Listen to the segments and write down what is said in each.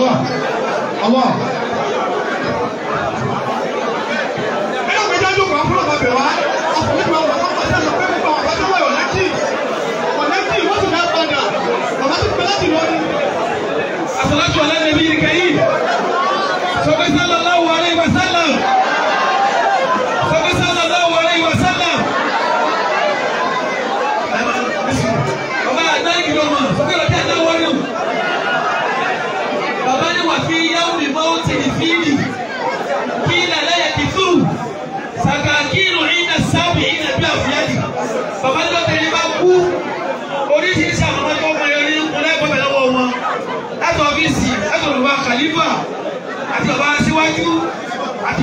Allah Allah. ẹ me gbẹjọ ju kàn fúlọ̀ bàbẹ̀ wá ọkùnrin mi ọ̀rọ̀ kọ́kọ́ sí ọ̀pẹ́ mi pa ọ̀pẹ́ tó wà ọ̀nà tí ọ̀nà tí wọ́n sì fẹ́ padà ọ̀nà tí pẹ́ láti lọ ní. àtàlàjọ alẹ́ nàbí yìí kẹ́yìn sọ̀rọ̀ sálọ̀ láwọ̀ alẹ́ ìgbà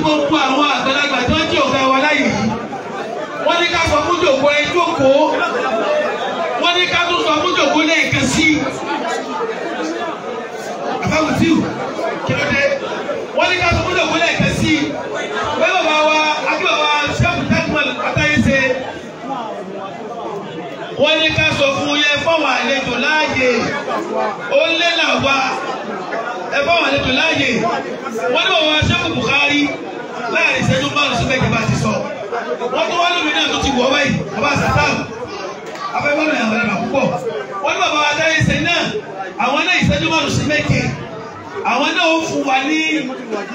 gbogbo àwọn àgbàlagbà tó ń jẹ́ ọ̀gá wa láyè yìí wọ́n ní ká sọ fún jòkó ẹ jókòó wọ́n ní ká tún sọ fún jòkó lẹ́ẹ̀kan sí i àbáwùtíù kí ló dé wọ́n ní ká sọ fún jòkó lẹ́ẹ̀kan sí i bẹ́ẹ̀ bàbá wa akébàbá sẹ́kù tẹ́kùmọ̀lù àtàyèsè wọ́n ní ká sọ fún yẹ fọ́wọ́ àlejò láàyè ó lé làwà ẹ fọ́wọ́ àlejò láàyè wọ́n ní bàbá sẹ́kù Buhari láàrin ìṣẹ́jú márùn-ún sí méje bá ti sọ wọ́n tó wá lómi náà tó ti wọ̀ ọ́ báyìí bàbá sàtáàmù afẹ́fọ́nà ìyàwó rẹ̀ púpọ̀ wọ́n ní bàbá adáyé ṣe náà àwọn náà ìṣẹ́jú márùn-ún sí méje àwọn náà ó fún wa ní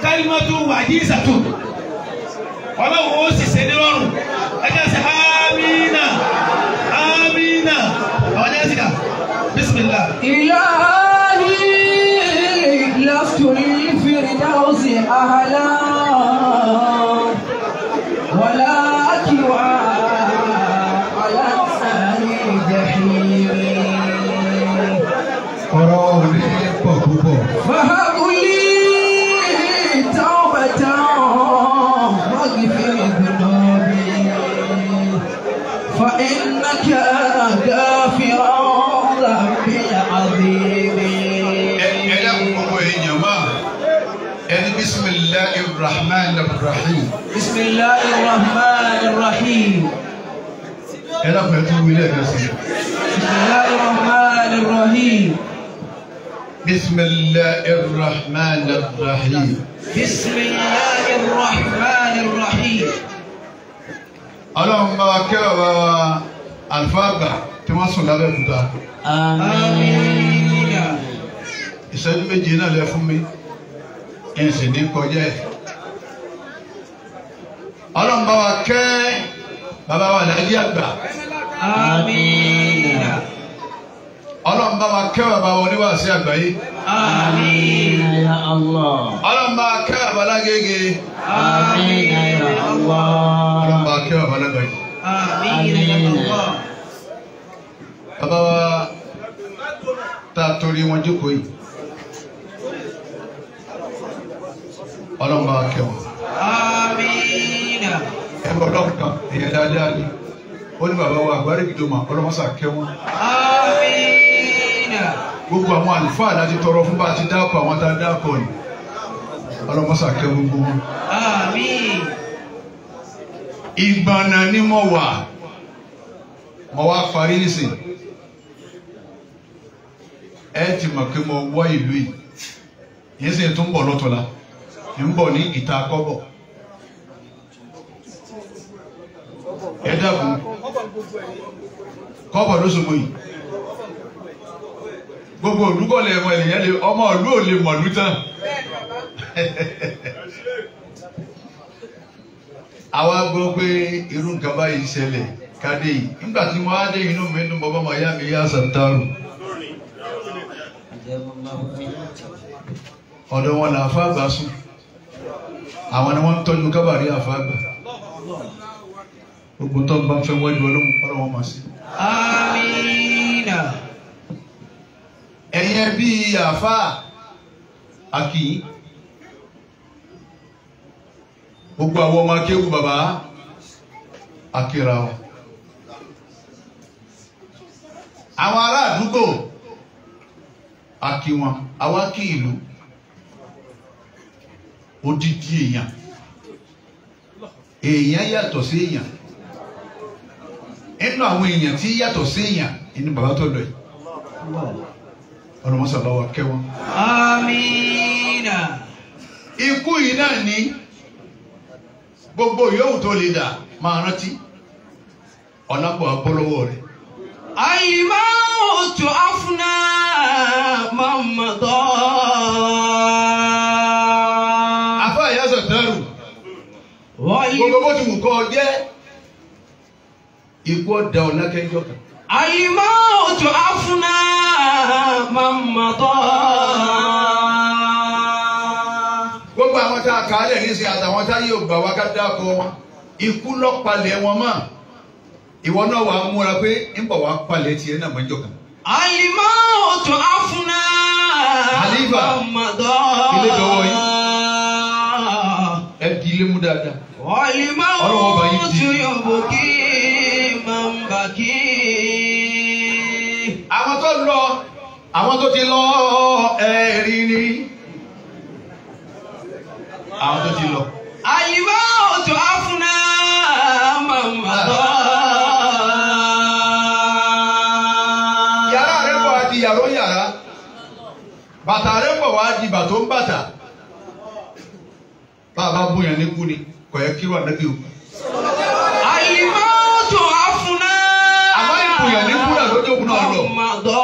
kálímọ́tò wà ní ìṣàtò ọlọ́wọ́ ó sì ṣe nírọ̀rùn ẹjẹ́ sẹ́ amínà amínà àwọn ẹjẹ́ sì kà bísímìlá. ìlànà lọ́sùn ìfìrìdáwọ̀sì àhàlà. الرحمن الرحيم أنا فهمت ولاك بسم الله الرحمن الرحيم بسم الله الرحمن الرحيم بسم الله الرحمن الرحيم اللهم كلا الفابة تمسوا لابد آمين ìṣẹ́jú méje náà lẹ fún mi ẹ̀sìn ní kọjá ọlọ́run bá wa kẹ́ bàbá wa làálí àgbà. àmín. ọlọ́run bá wa kẹ́ bàbá wa oníwàásí àgbáyé. àmín. ọlọ́run bá wa kẹ́ bàbá lágége. àmín. ọlọ́run bá wa kẹ́ bàbá lágbàáyé. àmín. bàbá wa tá a torí wọn jókòó yìí. ọlọ́run bá wa kẹ́ wọn. ẹ̀bọ̀ ọlọ́run kan èèyàn dáadáa ni ó ní bàbá wa àgbárí ìdòmà ọlọ́mọ́sà kẹ́wọ́n. gbogbo àwọn àlùfáà láti tọrọ fún bá a ti dáàpọ̀ àwọn tá a dáàpọ̀ gbogbo ni mo wà mo wá parí nísìn ẹ ti mo wá ìlú yìí yìí sì tún bọ̀ ń bọ̀ ní ìta dákun kọ́bọ̀ ló sọmọ yìí gbogbo olùkọ́lẹ̀ ẹ̀mọ ènìyàn lè ọmọ ìlú ò lè mọ̀lú tán àwa gbọ́ pé irú nǹkan báyìí ṣẹlẹ̀ kádé yìí nígbà tí wọ́n á dé inú mi nínú bàbá màyá mi yá wọn là sùn àwọn ni gbogbo tó bá fẹ́ wájú ọlọ́run kọ́ra wọn máa ṣe. amina. ẹ̀yẹ bíi àáfàá akì gbogbo àwọn ọmọ akéwù bàbá akira wa. àwọn ará àdúgbò akí wọn àwọn akí ìlú odidi èèyàn èèyàn yàtọ̀ sí èèyàn nínú àwọn èèyàn tí yàtọ̀ sí èèyàn ní bàbá tó lọ yìí ọlọmọsà bá wa kẹ́ wọn. amiina. ikú yìí náà ní gbogbo yòówù tó lè dà máa rántí ọ̀nà bọ̀ abọ́lọ́wọ́ rẹ̀. àyìnbá òtún afúnà. ikú ọ̀dà ọ̀la kẹjọ kan. àyìnbá òjò àfúnà máa mà tọ́. gbogbo àwọn tá a kà á lẹ̀ nísìnyí àtàwọn tá yóò gbà wá ká dáko wọn ikú lọ palẹ̀ wọn mọ́ ìwọ náà wàá múra pé ń bọ̀ wá palẹ̀ tiẹ̀ náà mọ́jọ kan. àyìnbá òjò àfúnà máa tọ́. ilé dọwọ́ yìí ẹ di ilé mú dáadáa. ọ̀lì máa ń kí àwọn tó lọ àwọn tó ti lọ ẹ̀rí ni àwọn tó ti lọ. àyíwá òtún áfúnà màmá. yàrá rẹ̀ bọ̀ àti yàrá yàrá bàtà rẹ̀ bọ̀ wá di bàtò ń bàtà bá a ní kú ni kò yẹ kí kùyà ní kúrà lójú òkú náà lọ.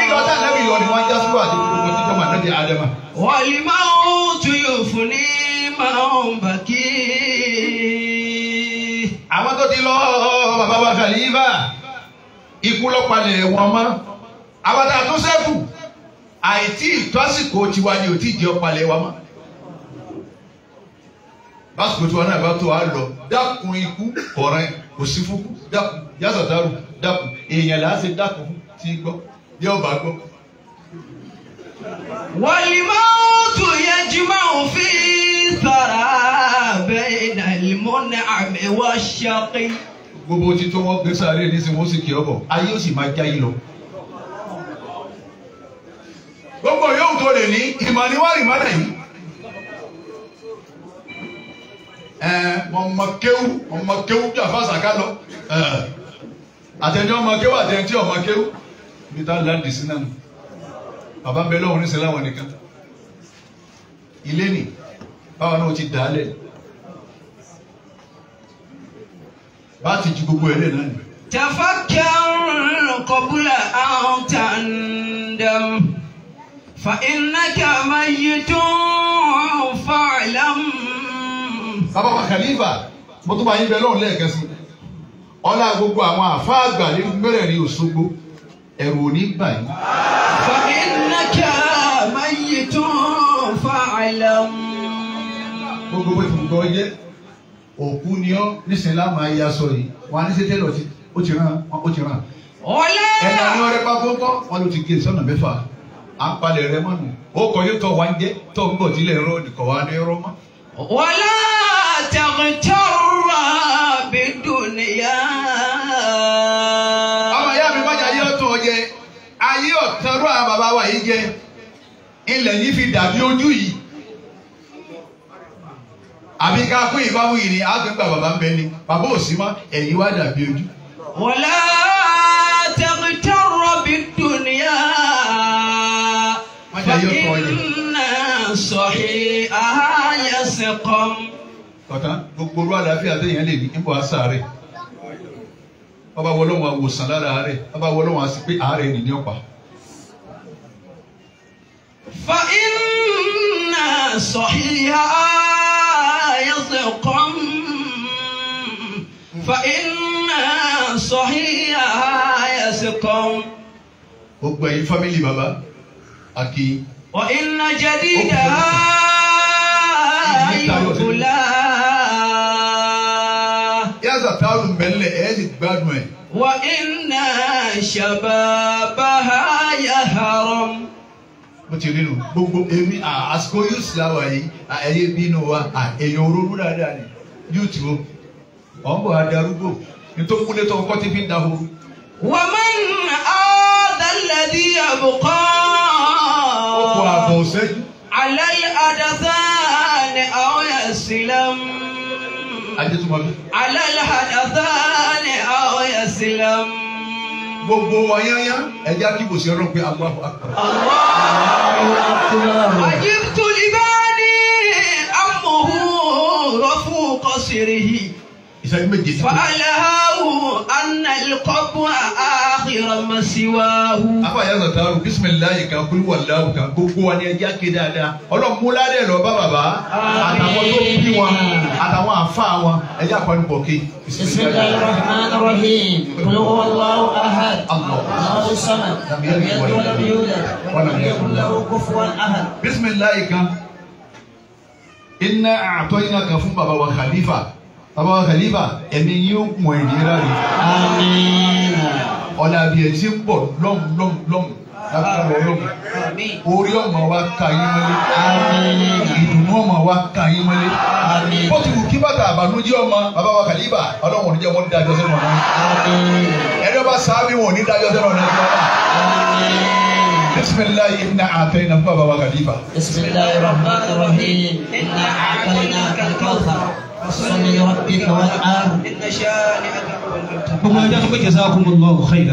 nígbà tá ànábì yọ ni wọ́n já sílò àti gbogbo wọn títọ́ màá nàdí àdàmà. wọ́ọ̀lì máa ń tún yóò fún ní máa ń bà kí. àwọn tó ti lọ bàbá wa kàlífà ikú lọ́pàlẹ̀ wọn mọ́ àwọn tá sẹ́kù àìtí ìtọ́sìkò tiwa ni ò tí ì jẹ́ ọ̀pàlẹ̀ mọ́ básìkò tí wọn náà bá tó a lọ dákun ikú kọrin kò sí fún dákun yàtọ̀ dákun èèyàn là á ṣe dákun tí gbọ́ bí ọba gbọ́. wàlímọ́ tó yẹ jùmọ̀ òfin sọ̀rọ̀ bẹ́ẹ̀ ìdàlímọ́ ní àmì wọ́n ṣọ́kí. gbogbo títún wọn gbé sáré nísìnyí wọn sì kì ọ bọ ayé ó sì máa já yín lọ. gbogbo yóò tó lè ní ìmọ̀ níwájú yìí. ẹ mọ̀ mọ̀ kéwú ká lọ àtẹnjẹ ọmọ kéwù àtẹnjẹ ọmọ kéwù bí táwọn láǹdì sí náà bàbá bẹ lọ́wọ́ níṣẹ́ láwọn nìkan ilé nì báwa náà ti dà á lẹ̀ bá ti ju gbogbo ẹ̀ lẹ̀ náà nì. tafakkarun qabla an tandam fa innaka mayyitun fa'lam. sábà wà kàlífà mo tún bá yín bẹ lọ́wọ́ lẹ́ẹ̀kẹ́sì ọlá gbogbo àwọn àfa àgbà nínú mẹ́rẹ̀ ní Òṣogbo ẹ̀rù ò ní bà yín. fa innaka mayyitun fa'lam. gbogbo bó ti mú kọ́ jẹ́ òkú ni ọ́ nísìnyí láàmú ayé aṣọ yìí wọn á ní sẹ́tẹ́ lọ ó ti ràn ó ti ràn. ọ̀lẹ́ ẹ̀dá ni ọ̀rẹ́ bá kó kọ́ wọn ló ti gé sọ́nà mẹ́fà à ń palẹ̀ rẹ mọ́nu ó kọ́ yóò tọ́ wa ń jẹ́ tọ́ ń bọ̀ sílẹ̀ rọ́ nìkan wa ní rọ́ mọ́. wọ́lá tẹ̀kùtọ́rọ̀ bẹ́ẹ̀ ayé ọ̀tán rú àwọn bàbá wa yìí jẹ ilẹ̀ yìí fi dàbí ojú yìí àbí ká kó ìbámu yìí ni àgbẹ̀gbà bàbá ń bẹ ni bàbá ò sí mọ́ ẹ̀yìn wá dàbí ojú. wọlé tẹ̀kítọ́rọ̀ bí dùnìyà fàkínà sọ̀hí àhàyẹsẹ̀ kọ́m. kọ́tà gbogbo olú àlàáfíà tó yẹn lè ní ibò àṣà rẹ̀ ọba wọ lọ́wọ́ àwòsàn lára àárẹ̀ ọba wọ lọ́wọ́ àti pé àárẹ̀ nìyí ọ̀pá. fa iná sọ̀híyá yẹsẹ̀ kọ́m fa iná sọ̀híyá yẹsẹ̀ kọ́m. ó gbẹ̀yìn fámìlì bàbá àkì. wa iná jẹ́ dídá yìí kú. táwọn bẹ̀lẹ̀ ẹ̀ sì gbádùn ẹ̀. wà iná ṣàbà bàhá yà haram. mo ti rí nu gbogbo èmi àsìkò yóò sì láwà yìí ẹyẹ bínú wa èèyàn orórú dáadáa ni yóò ti wo ọ̀ ń bọ̀ adarúgbò nítorí kúlẹ̀ tó kọ́ ti fi ń dahoro. wà á máa dálẹ́dí àbùkọ́. ó kọ àbọ̀ ọ̀sẹ́jú. àlẹ́ àdàtà ni àwọn ẹ̀sìn lẹ́mú ajẹ́túmọ̀ mi. alálàdàtàlẹ̀ àwọ̀yà sílẹ̀m. gbogbo wáyáyá ẹ̀jẹ̀ akíbo sí ọlọ́run pé Allahu akbar. àjíbítú libáni amòhù rọ́fù kọ́sìrì yìí. ìṣẹ́jú méje sí. fàlàhàwù anàlẹ́kọ̀bù àá. خير ما سواه. afa yàtọ̀ taaru bisimilayi kan kulu wàllu kan gbogbo wa ni ẹ já ké dáadáa ọlọ́run múlá dẹ̀ lọ bá tó bí wọn àtàwọn àfa wọn ẹ já pàdé bọ̀ ké. bisimilayi rahman rahim kulu wàllu ahad. kan fún bàbá wa khalifa bàbá wa khalifa ẹ̀mí yóò mọ̀ ẹ̀dí rárẹ̀. amiina ọ̀nà àbí ẹ̀ tí ń bọ̀ lọ́hùn lọ́hùn lọ́hùn lágbára ọlọ́hùn orí ọmọ wa ka yín mọ́lé ìdùnnú ọmọ wa ka yín mọ́lé bó ti wù kí bàtà àbànújẹ́ ọmọ bàbá wa kàlíbà ọlọ́run oníjẹ́ wọn ní dájọ́ sẹ́nu ọ̀nà ẹ̀rọ bá sáábì wọn ní dájọ́ sẹ́nu ọ̀nà بسم الله إنا أعطينا بابا وغليفة بسم الله الرحمن الرحيم إنا أعطيناك الكوثر فصل لربك وانحر إن شانئك بقول لكم جزاكم الله خيرا